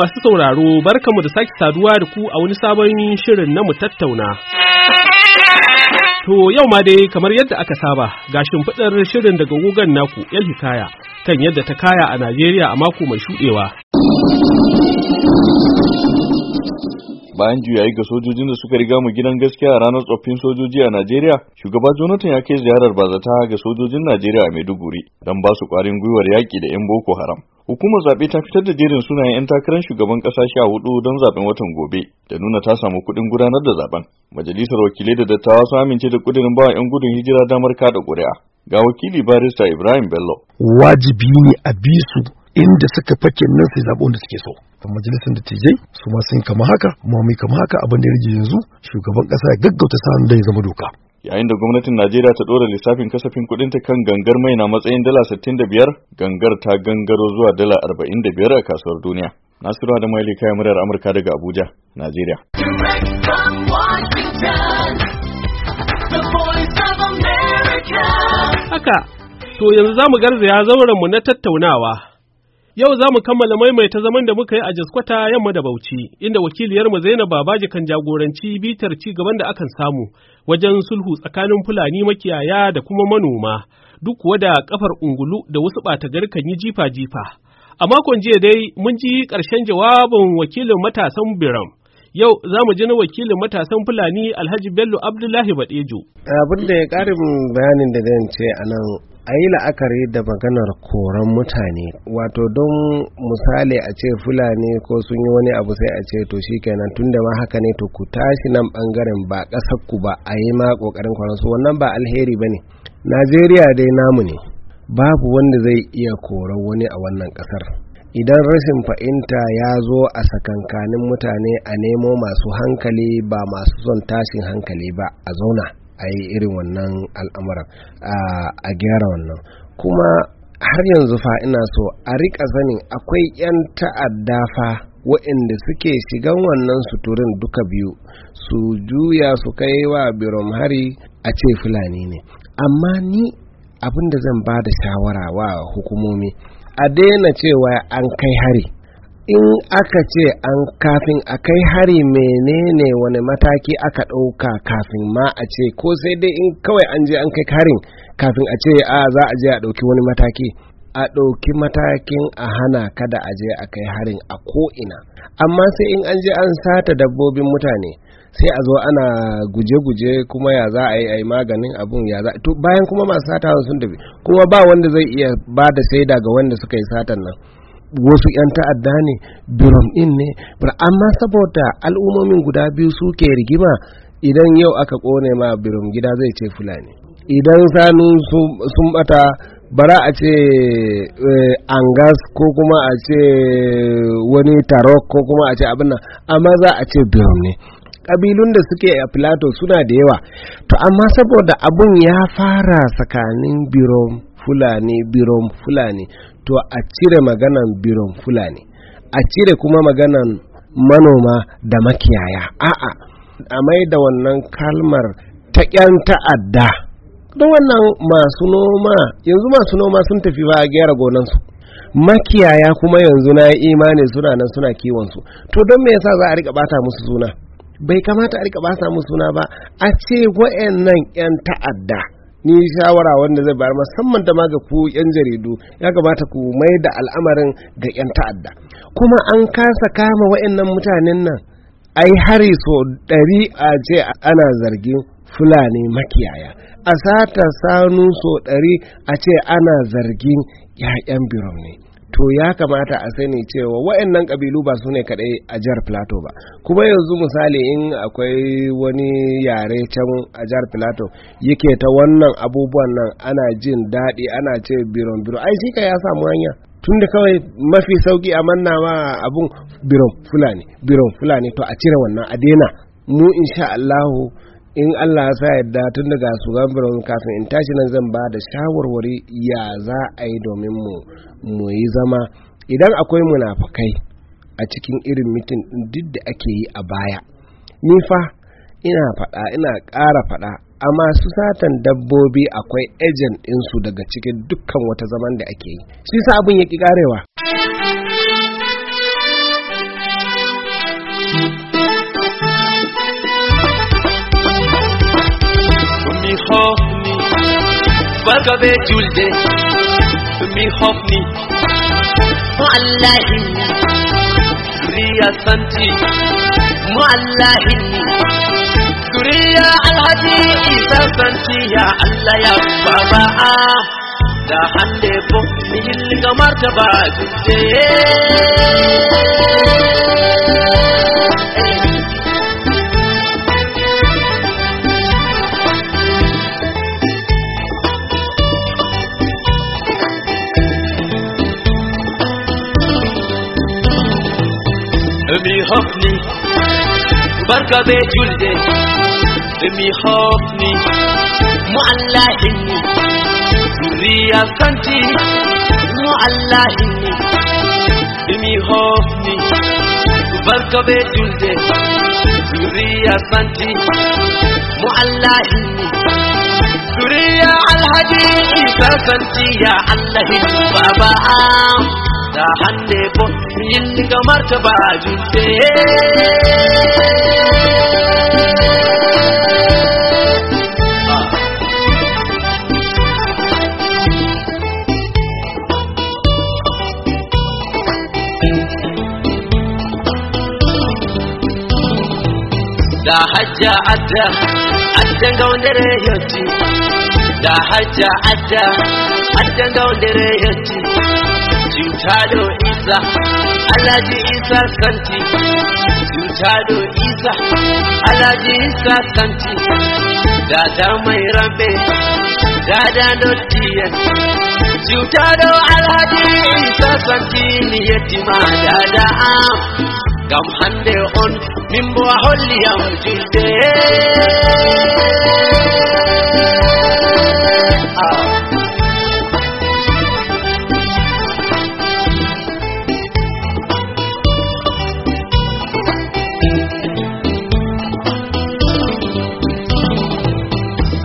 Masu sauraro barkamu da sake saduwa da ku a wani sabon shirin na mu tattauna. To yau ma dai kamar yadda aka saba ga shimfiɗar shirin daga gugan naku yan Hikaya kan yadda ta kaya a Najeriya a mako mai shuɗewa. bayan juyayi ga sojojin da suka riga mu gidan gaskiya a ranar tsoffin sojoji a Najeriya, shugaba Jonathan ya kai ziyarar bazata ga sojojin Najeriya a Maiduguri don ba su ƙwarin gwiwar yaƙi da 'yan Boko Haram. Hukumar zaɓe ta fitar da jerin sunayen 'yan takarar shugaban ƙasa sha hudu don zaɓen watan gobe da nuna ta samu kuɗin gudanar da zaɓen. Majalisar wakilai da dattawa sun amince da ƙudurin ba 'yan gudun hijira damar kada ƙuri'a. Ga wakili barista Ibrahim Bello. Wajibi ne a bi su inda suka fake nan su zaɓi da suke so. Majalisar dattijai su ma sun kama haka, kuma mai kama haka abin da ya rage yanzu shugaban ƙasa ya gaggauta sa'an da ya zama doka. yayin da gwamnatin Najeriya ta ɗora lissafin kasafin ta kan gangar mai na matsayin dala 65 gangar ta gangaro zuwa dala 45 a kasuwar duniya. Nasiru Adamu Ali kayan murar Amurka daga Abuja, Najeriya. Haka, to yanzu za mu garzaya zauren mu na tattaunawa. Yau za mu kammala maimaita zaman da muka yi a Jaskwata yamma da Bauchi, inda wakiliyarmu Zainab Babaji kan jagoranci bitar ci gaban da akan samu wajen sulhu tsakanin Fulani makiyaya da kuma manoma, duk kuwa da kafar ungulu da wasu ɓata kan yi jifa-jifa. A makon jiya dai mun ji ƙarshen jawabin wakilin matasan Biram. Yau za mu ji na wakilin matasan Fulani Alhaji Bello Abdullahi Badejo. Abin da ya ƙarin bayanin da zan ce a nan a yi la'akari da maganar koran mutane wato don misali a ce fulani ko sun yi wani abu sai a ce to shikenan tunda ma haka ne to ku tashi nan bangaren ba ƙasar ku ba a yi ma ƙoƙarin koran su wannan ba alheri ba ne najeriya dai namu ne babu wanda zai iya koran wani a wannan ƙasar idan rashin fahimta ya zo a sakankanin mutane a nemo masu hankali ba masu son tashin hankali ba a zauna a yi irin wannan al'amuran a gyara wannan kuma har yanzu fa ina so a rika zanin akwai 'yan ta'adda fa waɗanda suke shigan wannan suturin duka biyu su juya su kai wa birom hari a ce fulani ne amma ni abinda zan ba da shawara wa hukumomi a daina cewa an kai hari in aka ce an kafin a kai hari menene wani mataki aka ɗauka kafin ma a ce ko sai dai in kawai an je an kai harin kafin a ce a ah, za a je a ɗauki wani mataki a ɗauki matakin a hana kada a je a kai harin a ko'ina amma sai in an je an sata dabbobin mutane sai a zo ana guje-guje kuma ya za a yi a yi maganin abun ya za bayan kuma masu sata sun tafi kuma ba wanda zai iya ba da saida ga wanda suka yi satan nan wasu 'yan ta'adda ne biron ɗin ne amma saboda al'ummomin guda biyu suke rigima idan yau aka kone ma biron gida zai ce fulani idan sanu sun bata bara a ce eh, angas ko kuma a ce eh, wani tarok ko kuma a ce abin amma za a ce biron ne kabilun da suke a filato suna da yawa to amma saboda abun ya fara tsakanin birom fulani birom fulani to a cire maganan biron fulani a cire kuma maganan manoma da makiyaya a'a a mai da wannan kalmar ta ƙyan ta'adda don wannan masu noma yanzu masu noma sun tafi ba a gyara gonansu makiyaya kuma yanzu na yi imani suna nan suna kiwonsu to don me yasa za a rika bata musu suna bai kamata a rika bata musu suna ba a ce wa'annan 'yan ta'adda ni shawara wanda zai bayar musamman da ma ga ku yan jaridu ya kamata ku mai da al'amarin ga yan ta'adda kuma an kasa kama wayannan mutanen nan ai hari so ɗari a ce ana zargin fulani makiyaya a sata sanu so ɗari a ce ana zargin 'ya'yan birom to ya kamata a sani cewa waɗannan kabilu ba su ne kaɗai a jihar plateau ba kuma yanzu misali in akwai wani yare can a jihar plateau yake ta wannan abubuwan nan ana jin daɗi ana ce biron biron ai shi ya samu hanya tun da kawai mafi sauki a manna ma abun biron fulani biron fulani to a cire wannan a daina mu insha Allahu in Allah ya sa yadda tun daga su birnin kafin in tashi nan zan ba da shawarwari ya za a yi domin mu mu yi zama idan akwai munafakai a cikin irin mitin duk da ake yi a baya ni fa ina faɗa ina ƙara faɗa a masu satan dabbobi akwai ejen ɗinsu daga cikin dukkan wata zaman da ake yi shi sa abin ya ƙi ƙarewa gabe julde mi hofni wallahi zuriya santi wallahi zuriya alhaji isa santi ya allah ya baba da hande bo mi hilga martaba julde بركة بجلدي ميحبني معلهني ذرية سنتي امي ميحبني بركة بجلدي ذرية سنتي معلهني ذرية الهدي سنتي يا الله بابا da hande ko yin ga martaba julle haja adda addan ga wandere yati da hajja adda addan ga wandere yotti jutado isa alaji isa kanti jutado isa alaji isa kanti da da mai rabe da da dottiyan jutado alaji isa kanti ni yetima da da gam كم حندي أون من بوحل يا مجيدي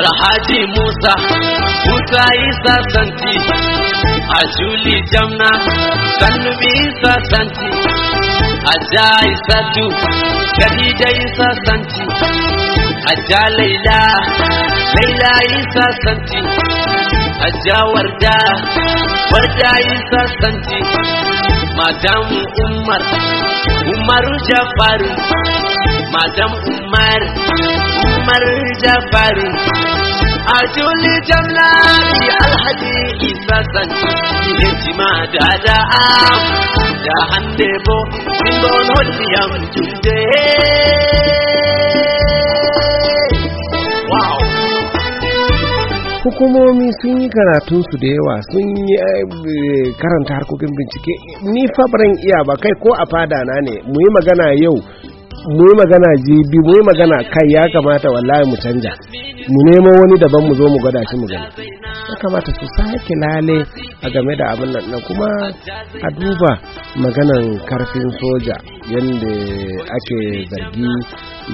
Alhaji Musa, Musa Isa Santi, Ajuli Jamna, Sanmi Isa Santi, ajaisatu khadija isa santi aja laila laila isa santi aja warda warda isa santi madam umar umar jafar madam umar umar jafar أجل جملاني الحديث سنتي الاجتماع دعاء da hukumomi sun yi karatunsu da yawa sun yi eh, karanta harkokin bincike ni fa iya ba kai ko a fada na ne mu yi magana yau mu yi magana jibi mu yi magana kai ya kamata wallahi mu canja mu nemo wani daban mu zo mu gwada shi mu gani ya kamata su sake lale a game da abin nan kuma a duba maganan karfin soja yadda ake zargi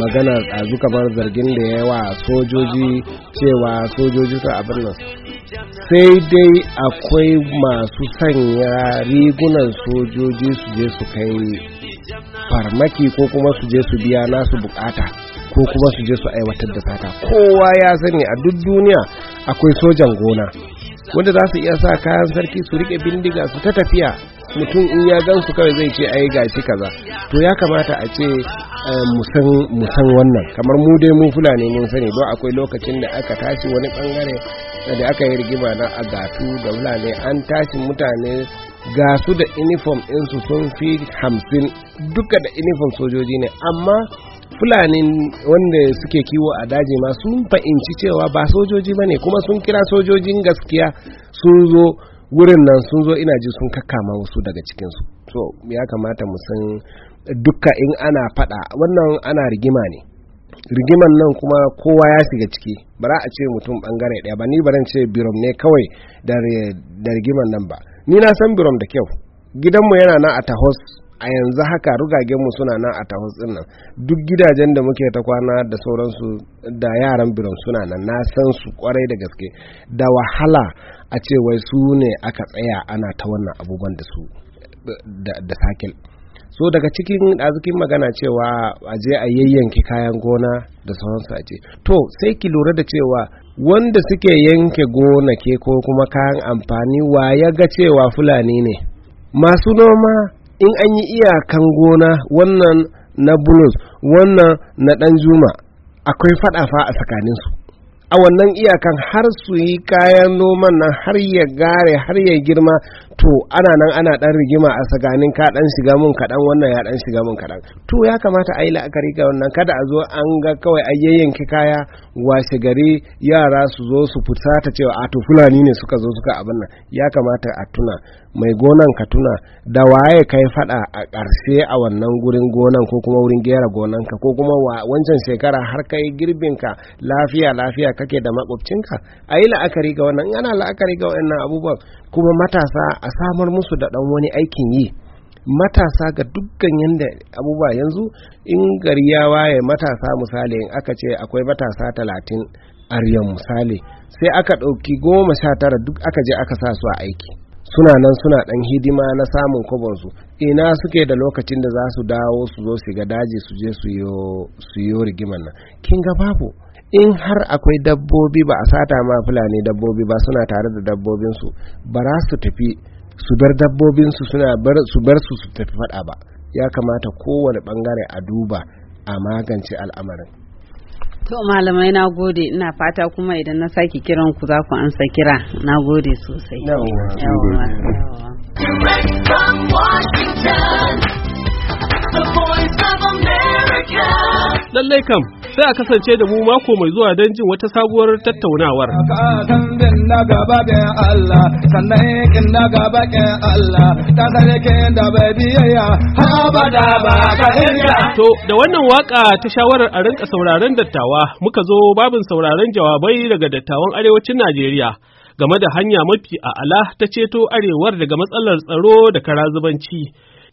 maganar a zukamar zargin da ya wa sojoji cewa sojoji su abin nan sai dai akwai masu sanya rigunan sojoji su je su kai farmaki ko kuma su je su biya nasu bukata ko kuma su je su aiwatar da sata kowa ya sani a duk duniya akwai sojan gona wanda za su iya sa kayan sarki su rike bindiga su ta tafiya mutum in ya gan su kawai zai ce ai gashi kaza to ya kamata a ce eh, mu san wannan kamar mu dai mun fulani mun sani don akwai lokacin da aka tashi wani bangare da aka yi rigima na agatu da fulani an tashi mutane ga su da uniform su sun fi hamsin duka da uniform sojoji ne amma fulani wanda suke kiwo a daji ma sun fahimci cewa ba sojoji ba ne kuma sun kira sojojin gaskiya sun zo wurin nan sun zo ina ji sun kakkama wasu daga cikinsu so ya kamata mu san duka in ana fada wannan ana rigima ne rigiman nan kuma kowa ya shiga ciki bara a ce mutum bangare daya ba ni baran ce birom ne kawai da rigiman nan ba ni na san birom da kyau gidanmu yana nan a tahos a yanzu haka rugagenmu suna nan a tahos din nan duk gidajen da muke ta kwana da sauransu da yaran birom suna nan na san su kwarai da gaske da wahala a ce wai su ne aka tsaya ana ta wannan abubuwan da su da sakil so daga cikin ɗazikin magana cewa a je a yayyanke kayan gona da sauransu a ce to sai ki lura da cewa wanda suke yanke gonake ko kuma kayan amfani wa ya ga cewa fulani ne masu noma in an yi iyakan gona wannan na bulus wannan na juma akwai faɗafa a tsakaninsu a wannan iyakan har su yi kayan noman nan har ya gare har ya girma to ana nan ana dan rigima a tsakanin ka dan shiga mun kadan wannan ya dan shiga mun kadan to ya kamata a yi la'akari ga wannan kada a zo an ga kawai a yanki kaya washe gari yara su zo su fusata cewa a to fulani ne suka zo suka abin nan ya kamata a tuna mai gonan ka tuna da waye kai fada a ƙarshe a wannan gurin gonan ko kuma wurin gera gonan ka ko kuma wancan shekara har kai girbin ka lafiya lafiya kake da makwabcinka a yi la'akari ga wannan ana la'akari ga wannan abubuwan kuma matasa a samar musu da dan wani aikin yi matasa ga dukkan yadda abubuwa yanzu in gari ya waye matasa misali in aka ce akwai matasa talatin aryan misali sai aka ɗauki goma sha tara duk aka je aka sa su a aiki suna nan suna ɗan hidima na samun su ina suke da lokacin da za su dawo su zo su ga daji su je su yi rigiman nan kin ga babu in har akwai dabbobi ba a sata ma fulani dabbobi ba suna tare da dabbobinsu ba za su tafi su bar dabbobinsu suna bar su bar su su tafi fada ba ya kamata kowane bangare a duba a magance al'amarin to malamai na gode ina fata kuma idan na sake kiran ku za ku amsa kira na gode sosai yawon lallai kam sai a kasance da mu mako mai zuwa don jin wata sabuwar tattaunawar. To da wannan waka ta shawarar a rinka sauraron dattawa muka zo babin sauraron jawabai daga dattawan arewacin Najeriya. game da hanya mafi a'ala ta ceto arewar daga matsalar tsaro da karazubanci.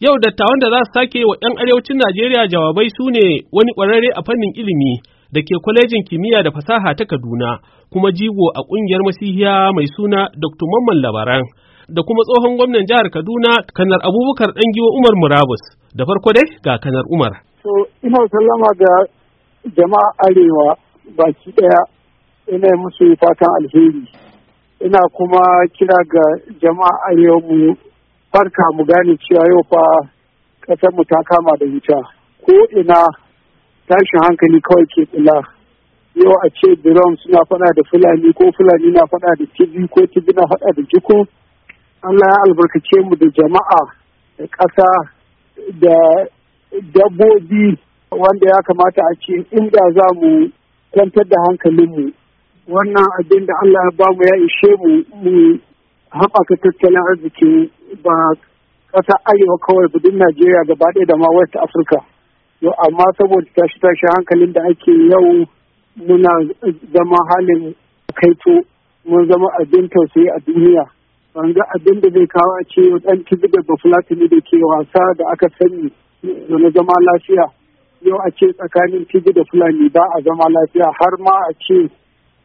Yau dattawan da za su sake wa 'yan arewacin Najeriya jawabai su ne wani ƙwararre a fannin ilimi da ke kwalejin kimiyya da fasaha ta Kaduna kuma jigo a ƙungiyar masihiya mai suna Dr. Mamman Labaran da kuma tsohon gwamnan jihar Kaduna kanar Abubakar giwa Umar Murabus da farko dai ga kanar Umar. So ina sallama ga jama'a arewa baki ɗaya ina musu fatan alheri ina kuma kira ga jama'a arewa mu farka mu gane cewa yau fa ƙasar mu ta kama da wuta ko ina tashin hankali kawai ke kula yau a ce drone suna faɗa da fulani ko fulani na faɗa da tv ko tv na faɗa da jiko Allah ya albarkace mu da jama'a da ƙasa da dabbobi wanda ya kamata a ce inda za mu kwantar da hankalinmu wannan abin da Allah ya bamu ya ishe mu haɓaka tattalin arziki ba ƙasa arewa kawai budin najeriya gaba ɗaya da ma west africa yau amma saboda tashi tashi hankalin da ake yau muna zama halin kaito mun zama abin tausayi a duniya ban ga abin da zai kawo a ce ɗan tibigar ba fulatani da ke wasa da aka sani da na zama lafiya yau a ce tsakanin tibi da fulani ba a zama lafiya har ma a ce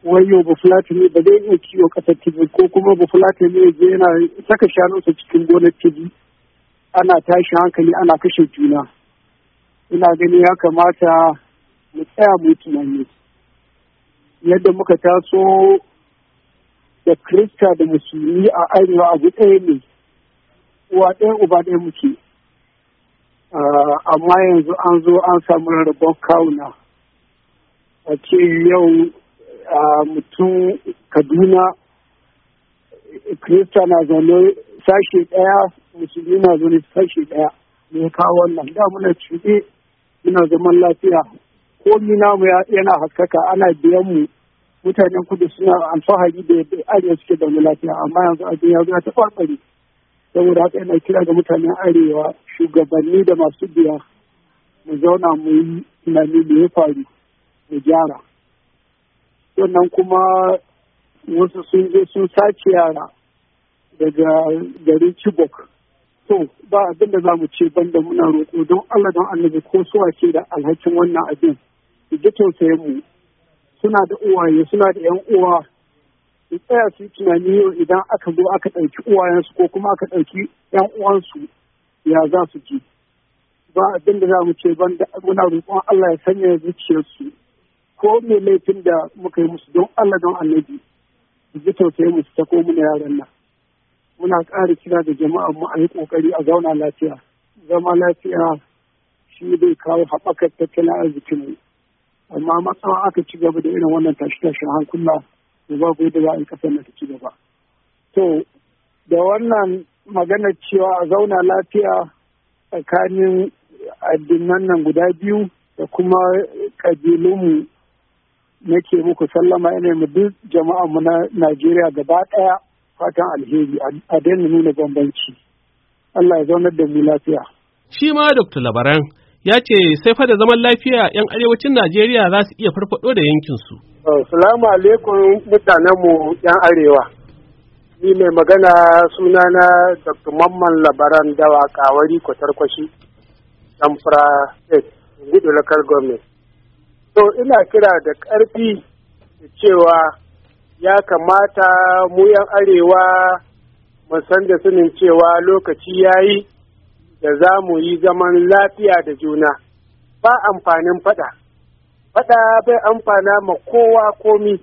wayo ne ba zai iya kiwo ƙasar tibi ko kuma bafulatani ya zai yana saka shanunsa cikin gonar tibi ana tashi hankali ana kashe juna ina ganin ya kamata mu tsaya mu tunani yadda muka taso da krista da musulmi a arewa abu ɗaya ne uwa ɗaya uba ɗaya muke ah, amma yanzu an zo an samu rarrabon kawuna a ce yau mutum kaduna krista na zaune sashe ɗaya musulmi na zaune sashe ɗaya me ya kawo wannan da muna cuɗe muna zaman lafiya ko namu yana haskaka ana biyan mu mutanen kudu suna alfahari da yadda arewa suke da mu lafiya amma yanzu a ya zuwa ta saboda haka yana kira ga mutanen arewa shugabanni da masu biya mu zauna mu yi tunani da ya faru mu gyara sannan kuma wasu sun je sun sace yara daga garin Chibok. To ba abin da za mu ce banda muna roƙo don Allah don annabi ko suwa ke da alhakin wannan abin. Su ji tausayin mu suna da uwaye suna da yan uwa su tsaya su yi tunani yau idan aka zo aka ɗauki uwayensu ko kuma aka ɗauki yan uwansu ya za su ji. Ba abin da za mu ce banda muna roƙon Allah ya sanya zuciyarsu ko me laifin da muka yi musu don Allah don annabi su ji ta musu ta yaron na yaran nan muna ƙara kira da jama'a mu a yi ƙoƙari a zauna lafiya zama lafiya shi bai kawo haɓakar tattalin arzikin mu amma matsawa aka ci gaba da irin wannan tashi tashen hankula da babu yadda za a yi ƙasar na ta ci gaba to da wannan magana cewa a zauna lafiya tsakanin addinan nan guda biyu da kuma ƙabilunmu nake muku sallama ina mu duk jama'an mu na Najeriya gaba ɗaya fatan alheri a daina nuna bambanci. Allah ya zaunar da mu lafiya. Shi ma Dr. Labaran ya ce sai fa da zaman lafiya 'yan arewacin Najeriya za su iya farfado da yankin su Salamu alaikum mu 'yan arewa. Ni mai magana sunana Dr. Mamman Labaran Dawa Kawari Kwatarkwashi, Zamfara State, Gudu Local Government. To ina kira da ƙarfi cewa ya kamata mu yan arewa mu san da sanin cewa lokaci ya yi da za mu yi zaman lafiya da juna ba amfanin faɗa. Faɗa bai amfana ma kowa komi,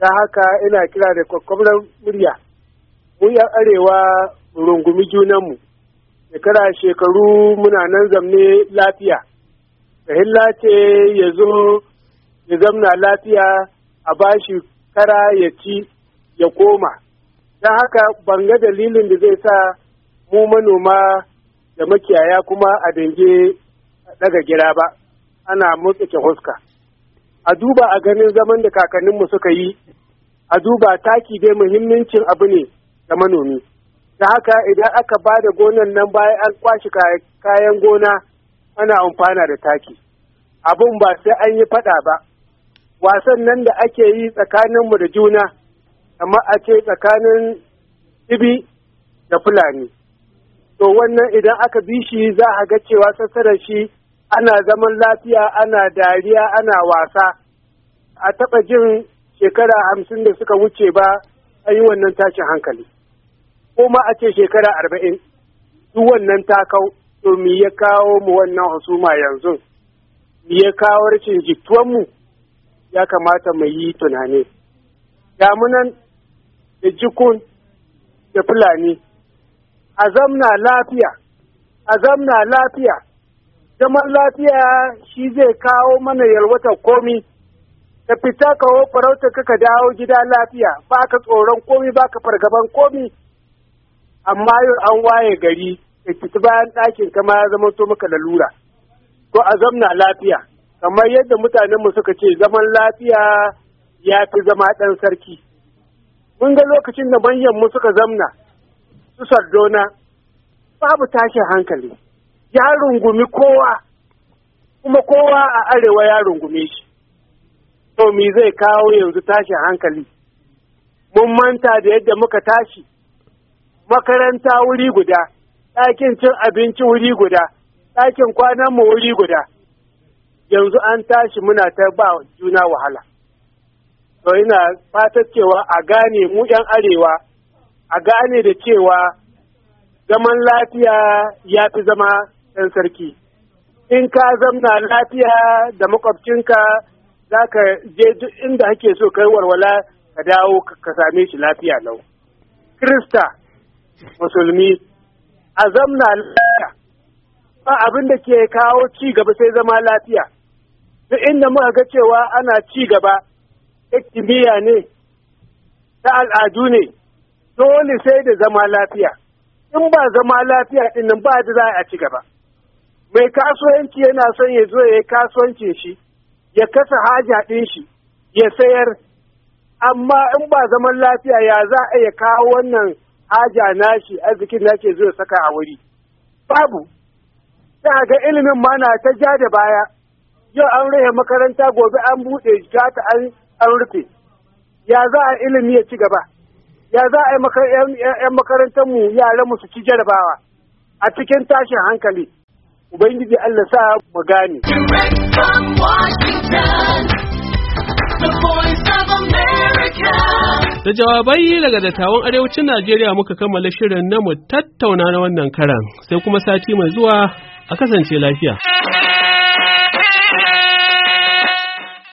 ta haka ina kira da kwakwablar murya. Mu yan arewa rungumi junanmu, shekara shekaru muna nan zamne lafiya. hilla ce ya zo ya zamna lafiya a bashi kara ya ci ya koma don haka ban ga dalilin da zai sa mu manoma da makiyaya kuma a dange daga gira ba ana motsa huska a duba a ganin zaman da kakanninmu suka yi a duba taki dai muhimmancin abu ne da manomi da haka idan aka ba da gonan nan bayan an kwashi kayan gona ana amfana da taki abun ba sai an yi faɗa ba wasan nan da ake yi tsakaninmu da juna amma a ce tsakanin ibi da fulani to wannan idan aka bi shi za a ga cewa sassarar shi ana zaman lafiya ana dariya ana wasa a taɓa jin shekara hamsin da suka wuce ba a yi wannan tashin hankali ko ma a ce shekara arba'in duk wannan takau to me ya kawo mu wannan husuma yanzu me ya kawo rashin jituwanmu ya kamata mu yi tunani damunan da jikun da fulani a zamna lafiya a zamna lafiya zaman lafiya shi zai kawo mana yalwatar komi ka fita ka ho farauta ka dawo gida lafiya ba ka tsoron komi ba ka fargaban komi amma yau an waye gari fita bayan ɗakin kama ya zama to maka lalura to a zamna lafiya kamar yadda mutanen mu suka ce zaman lafiya ya fi zama ɗan sarki mun ga lokacin da manyan mu suka zamna su sardona babu tashin hankali ya rungumi kowa kuma kowa a arewa ya rungume shi to me zai kawo yanzu tashin hankali mun manta da yadda muka tashi makaranta wuri guda ɗakin cin abinci wuri guda ɗakin kwanan mu wuri guda yanzu an tashi muna ta ba juna wahala to ina fatar cewa a gane mu yan arewa a gane da cewa zaman lafiya ya fi zama ɗan sarki in ka zamna lafiya da makwabcinka za ka je duk inda hake so kai warwala ka dawo ka same shi lafiya lau krista musulmi a zamna lafiya ba abin da ke kawo ci gaba sai zama lafiya duk inda muka ga cewa ana ci gaba ta kimiyya ne ta al'adu ne dole sai da zama lafiya in ba zama lafiya din ba da za a ci gaba mai kasuwanci yana son ya zo ya yi kasuwancin shi ya kasa haja ɗin shi ya sayar amma in ba zaman lafiya ya za a iya kawo wannan haja nashi arzikin nashi zo saka a wuri babu sai ga ilimin ma na ta ja da baya yau an rufe makaranta gobe an buɗe ta an rufe ya za a ilimi ya ci gaba ya za a yi yan makarantar mu yaran mu su ci jarabawa a cikin tashin hankali ubangiji Allah sa mu gane The voice of America. Da jawabai daga dattawan arewacin Najeriya muka kammala shirin na mu tattauna na wannan karan sai kuma sati mai zuwa a kasance lafiya.